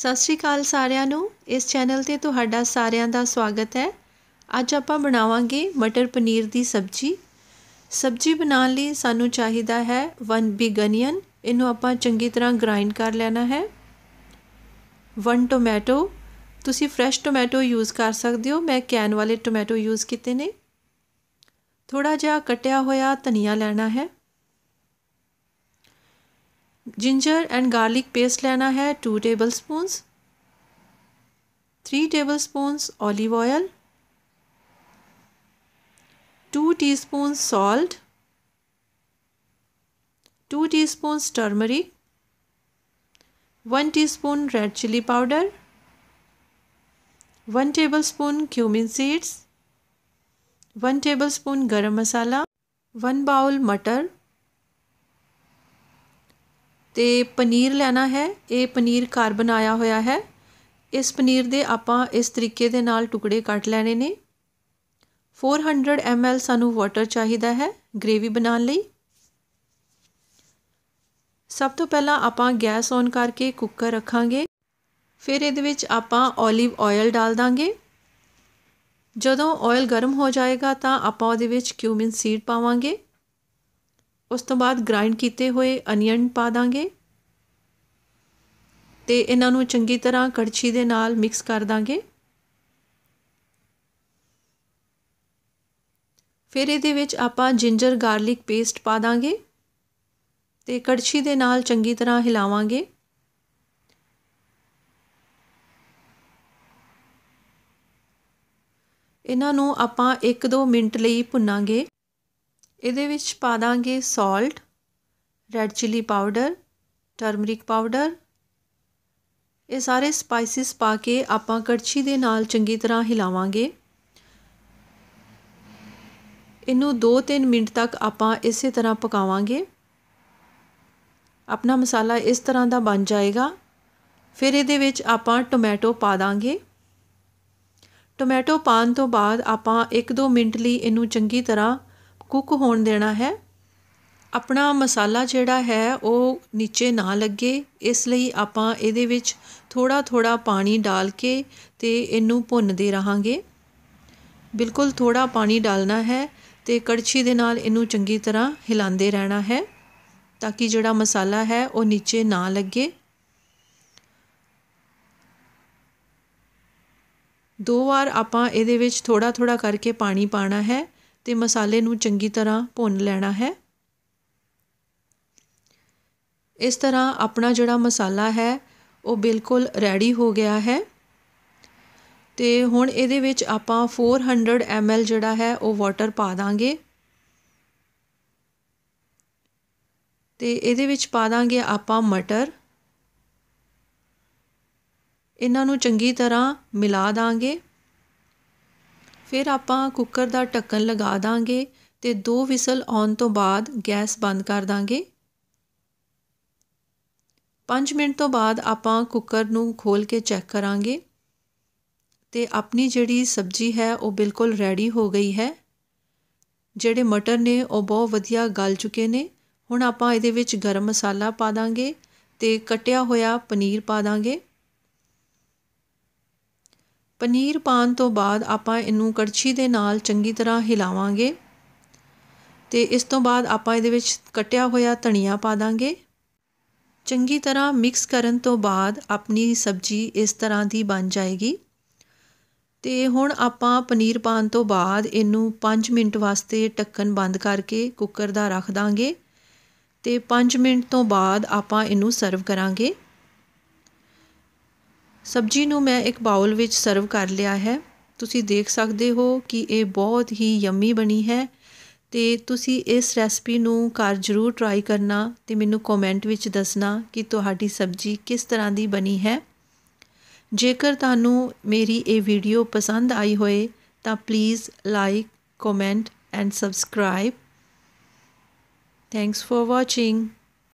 ਸਤਿ ਸ਼੍ਰੀ ਅਕਾਲ ਸਾਰਿਆਂ ਨੂੰ ਇਸ ਚੈਨਲ ਤੇ ਤੁਹਾਡਾ ਸਾਰਿਆਂ ਦਾ ਸਵਾਗਤ ਹੈ ਅੱਜ ਆਪਾਂ ਬਣਾਵਾਂਗੇ ਮਟਰ ਪਨੀਰ ਦੀ ਸਬਜ਼ੀ ਸਬਜ਼ੀ ਬਣਾਉਣ ਲਈ ਸਾਨੂੰ ਚਾਹੀਦਾ ਹੈ 1 ਬਿਗ ਅਨੀਅਨ ਇਹਨੂੰ ਆਪਾਂ ਚੰਗੀ ਤਰ੍ਹਾਂ ਗ੍ਰਾਈਂਡ ਕਰ ਲੈਣਾ ਹੈ 1 ਟੋਮੈਟੋ ਤੁਸੀਂ ਫਰੈਸ਼ ਟੋਮੈਟੋ ਯੂਜ਼ ਕਰ ਸਕਦੇ ਹੋ ਮੈਂ ਕੈਨ ਵਾਲੇ ਟੋਮੈਟੋ ਯੂਜ਼ ਕੀਤੇ ਨੇ ਥੋੜਾ ਜਿਹਾ ਕਟਿਆ ਹੋਇਆ ਧਨੀਆ ਲੈਣਾ ਹੈ जिंजर एंड गार्लिक पेस्ट लेना है two tablespoons three tablespoons olive oil two teaspoon salt two teaspoon turmeric one teaspoon red chilli powder one tablespoon cumin seeds one tablespoon garam masala one bowl matar ਤੇ ਪਨੀਰ ਲੈਣਾ ਹੈ ਇਹ ਪਨੀਰ ਘਰ ਬਣਾਇਆ ਹੋਇਆ ਹੈ ਇਸ ਪਨੀਰ ਦੇ ਆਪਾਂ ਇਸ ਤਰੀਕੇ ਦੇ ਨਾਲ ਟੁਕੜੇ ਕੱਟ ਲੈਣੇ ਨੇ 400 ml ਸਾਨੂੰ ਵਾਟਰ ਚਾਹੀਦਾ ਹੈ ਗ੍ਰੇਵੀ ਬਣਾਉਣ ਲਈ ਸਭ ਤੋਂ ਪਹਿਲਾਂ ਆਪਾਂ ਗੈਸ ਔਨ ਕਰਕੇ ਕੁੱਕਰ ਰੱਖਾਂਗੇ ਫਿਰ ਇਹਦੇ ਵਿੱਚ ਆਪਾਂ 올ਿਵ ਆਇਲ ਡਾਲ ਦਾਂਗੇ ਜਦੋਂ ਆਇਲ ਗਰਮ ਹੋ ਜਾਏਗਾ ਤਾਂ ਆਪਾਂ ਉਹਦੇ ਵਿੱਚ ਕਿਊਮਿਨ ਸੀਡ ਪਾਵਾਂਗੇ ਉਸ ਤੋਂ ਬਾਅਦ ਗ੍ਰਾਈਂਡ ਕੀਤੇ ਹੋਏ ਅਨੀਅਨ ਪਾ ਦਾਂਗੇ ਤੇ ਇਹਨਾਂ ਨੂੰ ਚੰਗੀ ਤਰ੍ਹਾਂ ਕੜਛੀ ਦੇ ਨਾਲ ਮਿਕਸ ਕਰ ਦਾਂਗੇ ਫਿਰ ਇਹਦੇ ਵਿੱਚ ਆਪਾਂ ਜਿੰਜਰ ਗਾਰਲਿਕ ਪੇਸਟ ਪਾ ਦਾਂਗੇ ਤੇ ਕੜਛੀ ਦੇ ਨਾਲ ਚੰਗੀ ਤਰ੍ਹਾਂ ਹਿਲਾਵਾਂਗੇ ਇਹਨਾਂ ਨੂੰ ਆਪਾਂ 1-2 ਮਿੰਟ ਲਈ ਭੁੰਨਾਂਗੇ ਇਹਦੇ ਵਿੱਚ ਪਾ ਦਾਂਗੇ salt red chilli powder turmeric powder ਇਹ ਸਾਰੇ ਸਪਾਈਸਿਸ ਪਾ ਕੇ ਆਪਾਂ ਕੜਛੀ ਦੇ ਨਾਲ ਚੰਗੀ ਤਰ੍ਹਾਂ ਹਿਲਾਵਾਂਗੇ ਇਹਨੂੰ 2-3 ਮਿੰਟ ਤੱਕ ਆਪਾਂ ਇਸੇ ਤਰ੍ਹਾਂ ਪਕਾਵਾਂਗੇ ਆਪਣਾ ਮਸਾਲਾ ਇਸ ਤਰ੍ਹਾਂ ਦਾ ਬਣ ਜਾਏਗਾ ਫਿਰ ਇਹਦੇ ਵਿੱਚ ਆਪਾਂ ਟੋਮੈਟੋ ਪਾ ਦਾਂਗੇ ਟੋਮੈਟੋ ਪਾਣ ਤੋਂ ਬਾਅਦ ਆਪਾਂ 1-2 ਮਿੰਟ ਲਈ ਇਹਨੂੰ ਚੰਗੀ ਤਰ੍ਹਾਂ ਕੁੱਕ ਹੋਣ ਦੇਣਾ ਹੈ ਆਪਣਾ ਮਸਾਲਾ ਜਿਹੜਾ ਹੈ ਉਹ ਨੀਚੇ ਨਾ ਲੱਗੇ ਇਸ ਲਈ ਆਪਾਂ ਇਹਦੇ ਵਿੱਚ ਥੋੜਾ ਥੋੜਾ ਪਾਣੀ ਡਾਲ ਕੇ ਤੇ ਇਹਨੂੰ ਭੁੰਨਦੇ ਰਹਾਂਗੇ ਬਿਲਕੁਲ ਥੋੜਾ ਪਾਣੀ ਡਾਲਣਾ ਹੈ ਤੇ ਕੜਛੀ ਦੇ ਨਾਲ ਇਹਨੂੰ ਚੰਗੀ ਤਰ੍ਹਾਂ ਹਿਲਾਉਂਦੇ ਰਹਿਣਾ ਹੈ ਤਾਂ ਕਿ ਜਿਹੜਾ ਮਸਾਲਾ ਹੈ ਉਹ ਨੀਚੇ ਨਾ ਲੱਗੇ ਦੋ ਵਾਰ ਆਪਾਂ ਇਹਦੇ ਵਿੱਚ ਥੋੜਾ ਥੋੜਾ ਕਰਕੇ ਪਾਣੀ ਪਾਣਾ ਹੈ ਤੇ ਮਸਾਲੇ ਨੂੰ ਚੰਗੀ ਤਰ੍ਹਾਂ ਭੁੰਨ ਲੈਣਾ ਹੈ ਇਸ ਤਰ੍ਹਾਂ ਆਪਣਾ ਜਿਹੜਾ ਮਸਾਲਾ ਹੈ ਉਹ ਬਿਲਕੁਲ ਰੈਡੀ ਹੋ ਗਿਆ ਹੈ ਤੇ ਹੁਣ ਇਹਦੇ ਵਿੱਚ ਆਪਾਂ 400 ml ਜਿਹੜਾ ਹੈ ਉਹ ਵਾਟਰ ਪਾ ਦਾਂਗੇ ਤੇ ਇਹਦੇ ਵਿੱਚ ਪਾ ਦਾਂਗੇ ਆਪਾਂ ਮਟਰ ਇਹਨਾਂ ਨੂੰ ਚੰਗੀ ਤਰ੍ਹਾਂ ਮਿਲਾ ਦਾਂਗੇ ਫਿਰ ਆਪਾਂ ਕੁੱਕਰ ਦਾ ਢੱਕਣ ਲਗਾ ਦਾਂਗੇ ਤੇ ਦੋ ਵਿਸਲ ਆਉਣ ਤੋਂ ਬਾਅਦ ਗੈਸ ਬੰਦ ਕਰ ਦਾਂਗੇ 5 ਮਿੰਟ ਤੋਂ ਬਾਅਦ ਆਪਾਂ ਕੁੱਕਰ ਨੂੰ ਖੋਲ ਕੇ ਚੈੱਕ ਕਰਾਂਗੇ ਤੇ ਆਪਣੀ ਜਿਹੜੀ ਸਬਜ਼ੀ ਹੈ ਉਹ ਬਿਲਕੁਲ ਰੈਡੀ ਹੋ ਗਈ ਹੈ ਜਿਹੜੇ ਮਟਰ ਨੇ ਉਹ ਬਹੁਤ ਵਧੀਆ ਗਲ ਚੁੱਕੇ ਨੇ ਹੁਣ ਆਪਾਂ ਇਹਦੇ ਵਿੱਚ ਗਰਮ ਮਸਾਲਾ ਪਾ ਦਾਂਗੇ ਤੇ ਕਟਿਆ ਹੋਇਆ ਪਨੀਰ ਪਾ ਦਾਂਗੇ ਪਨੀਰ ਪਾਣ ਤੋਂ ਬਾਅਦ ਆਪਾਂ ਇਹਨੂੰ ਕੜਛੀ ਦੇ ਨਾਲ ਚੰਗੀ ਤਰ੍ਹਾਂ ਹਿਲਾਵਾਂਗੇ ਤੇ ਇਸ ਤੋਂ ਬਾਅਦ ਆਪਾਂ ਇਹਦੇ ਵਿੱਚ ਕਟਿਆ ਹੋਇਆ ਧਨੀਆ ਪਾ ਦਾਂਗੇ ਚੰਗੀ ਤਰ੍ਹਾਂ ਮਿਕਸ ਕਰਨ ਤੋਂ ਬਾਅਦ ਆਪਣੀ ਸਬਜ਼ੀ ਇਸ ਤਰ੍ਹਾਂ ਦੀ ਬਣ ਜਾਏਗੀ ਤੇ ਹੁਣ ਆਪਾਂ ਪਨੀਰ ਪਾਣ ਤੋਂ ਬਾਅਦ ਇਹਨੂੰ 5 ਮਿੰਟ ਵਾਸਤੇ ਢੱਕਣ ਬੰਦ ਕਰਕੇ ਕੁੱਕਰ ਦਾ ਰੱਖ ਦਾਂਗੇ ਤੇ 5 ਮਿੰਟ ਤੋਂ ਬਾਅਦ ਆਪਾਂ ਇਹਨੂੰ ਸਰਵ ਕਰਾਂਗੇ ਸਬਜ਼ੀ ਨੂੰ ਮੈਂ ਇੱਕ ਬਾਉਲ ਵਿੱਚ ਸਰਵ ਕਰ ਲਿਆ ਹੈ ਤੁਸੀਂ ਦੇਖ ਸਕਦੇ ਹੋ ਕਿ ਇਹ ਬਹੁਤ ਹੀ ਯੰਮੀ ਬਣੀ ਹੈ ਤੇ ਤੁਸੀਂ ਇਸ ਰੈਸਪੀ ਨੂੰ ਘਰ ਜ਼ਰੂਰ ਟਰਾਈ ਕਰਨਾ ਤੇ ਮੈਨੂੰ ਕਮੈਂਟ ਵਿੱਚ ਦੱਸਣਾ ਕਿ ਤੁਹਾਡੀ ਸਬਜ਼ੀ ਕਿਸ ਤਰ੍ਹਾਂ ਦੀ ਬਣੀ ਹੈ ਜੇਕਰ ਤੁਹਾਨੂੰ ਮੇਰੀ ਇਹ ਵੀਡੀਓ ਪਸੰਦ ਆਈ ਹੋਏ ਤਾਂ please like comment and subscribe thanks for watching